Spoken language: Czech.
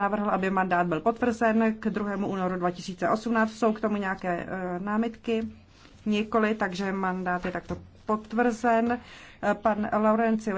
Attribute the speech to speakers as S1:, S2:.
S1: navrhl, aby mandát byl potvrzen k 2. únoru 2018. Jsou k tomu nějaké e, námitky? Nikoli, takže mandát je takto potvrzen. E, pan
S2: Laurenci